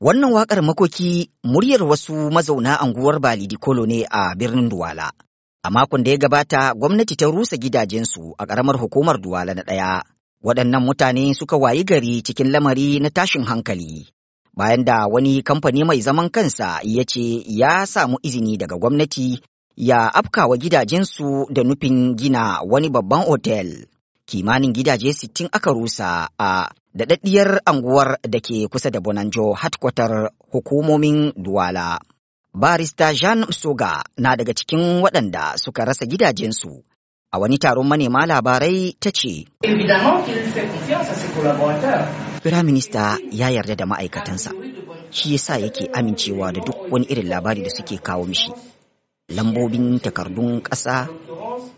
Wannan waƙar makoki muryar wasu mazauna anguwar Kolo ne a birnin Duwala. A makon da ya gabata gwamnati ta rusa gidajensu a ƙaramar hukumar Duwala na ɗaya. Waɗannan mutane suka wayi gari cikin lamari na tashin hankali. Bayan da wani kamfani mai zaman kansa ya ce ya samu izini daga gwamnati ya afkawa gidajensu da nufin gina wani babban otel. Kimanin gidaje sittin aka rusa a daɗaɗɗiyar anguwar da ke kusa da Bonanjo hatkwatar hukumomin Duwala. Barista Jean Soga na daga cikin waɗanda suka rasa gidajensu a wani taron manema labarai ta ce, Firaminista ya yarda da ma'aikatansa, shi yasa yake amincewa da duk wani irin labari da suke kawo mishi. Lambobin takardun ƙasa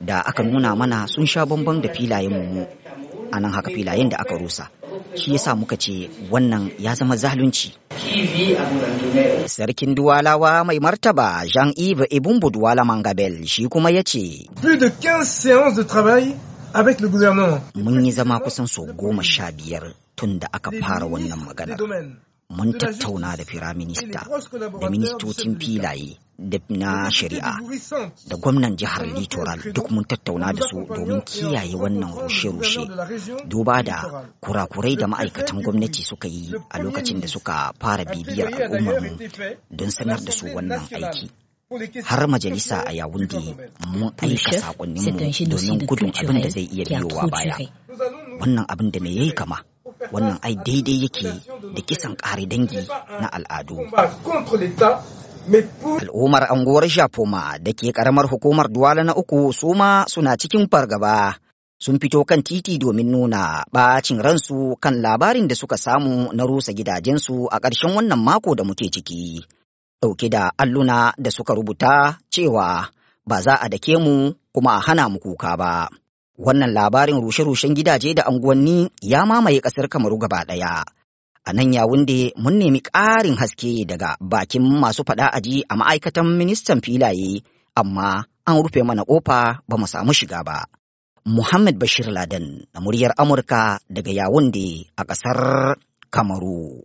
da aka nuna mana sun sha bamban da filayen mu a haka filayen da aka rusa. shi yasa muka ce wannan ya zama zalunci sarkin duwalawa mai martaba jean-yves ibumbu duwala mangabel shi kuma ya ce mun yi zama kusan so goma sha biyar tun da aka fara wannan magana mun tattauna da firaminista da ministocin filaye da na shari'a da gwamnan jihar littoral duk mun tattauna da su domin kiyaye wannan rushe-rushe duba da kurakurai da ma'aikatan gwamnati suka yi a lokacin da suka fara bibiyar al'ummarmu don sanar da su wannan aiki har majalisa a yawun yawundi mun aika sakonninmu domin gudun abin da zai iya biyowa baya wannan abin da me yayi kama wannan ai daidai yake da kisan ƙari dangi na al'adu al'ummar anguwar shafoma da ke ƙaramar hukumar duwala na uku su ma suna cikin fargaba sun fito kan titi domin nuna ɓacin ransu kan labarin da suka samu na rusa gidajensu a ƙarshen wannan mako da muke ciki ɗauke da alluna da suka rubuta cewa ba za a dake mu kuma a hana mu kuka ba. Wannan labarin rushe-rushen gidaje da anguwanni ya mamaye ƙasar Kamaru gaba ɗaya. A nan Yawunde mun nemi ƙarin haske daga bakin masu faɗa aji a ma'aikatan ministan filaye, amma an rufe mana ƙofa ba mu samu shiga ba. Muhammad Bashir Laden na muryar Amurka daga Yawunde a ƙasar Kamaru.